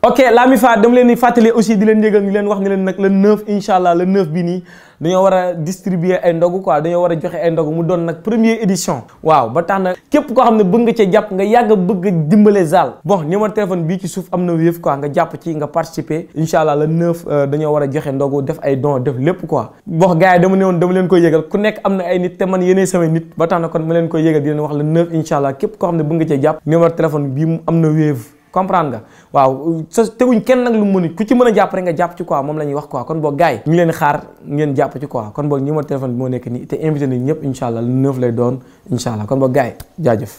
ok la mi fa dama leen di fàttali aussi di leen yëgal ñu leen wax ne leen nag le 9 incha allah le 9 bii nii dañoo war a distribuer ay ndogu quoi dañoo war a joxe ay ndogu waaw ba tax na koo xam ne bëgg nga cee jàpp nga yàgg bëgg dimbale Zal bon numéro téléphone bii ci suuf am na wéef quoi nga jàpp ci nga participer incha allah le euh, dañoo war a joxe ndogu def ay don def lépp quoi bon gars yi dama ne woon dama leen koy yëgal ku nekk am na ay nit te man yéenee samay nit ba tax na kon ma leen koy yëgal wax le 9 incha allah képp koo xam ne bëgg nga cee jàpp numéro comprend nga waaw sa teguñ kenn nag lu mu mën ku ci mën a jàpp rek nga jàpp ci quoi moom la ñuy wax quoi kon boog gars yi ñu ngi leen xaar ngeen jàpp ci quoi kon boog numéro téléphone bi moo nekk nii te invité nañ ñëpp incha allah le neuf lay doon incha allah kon boog gars yi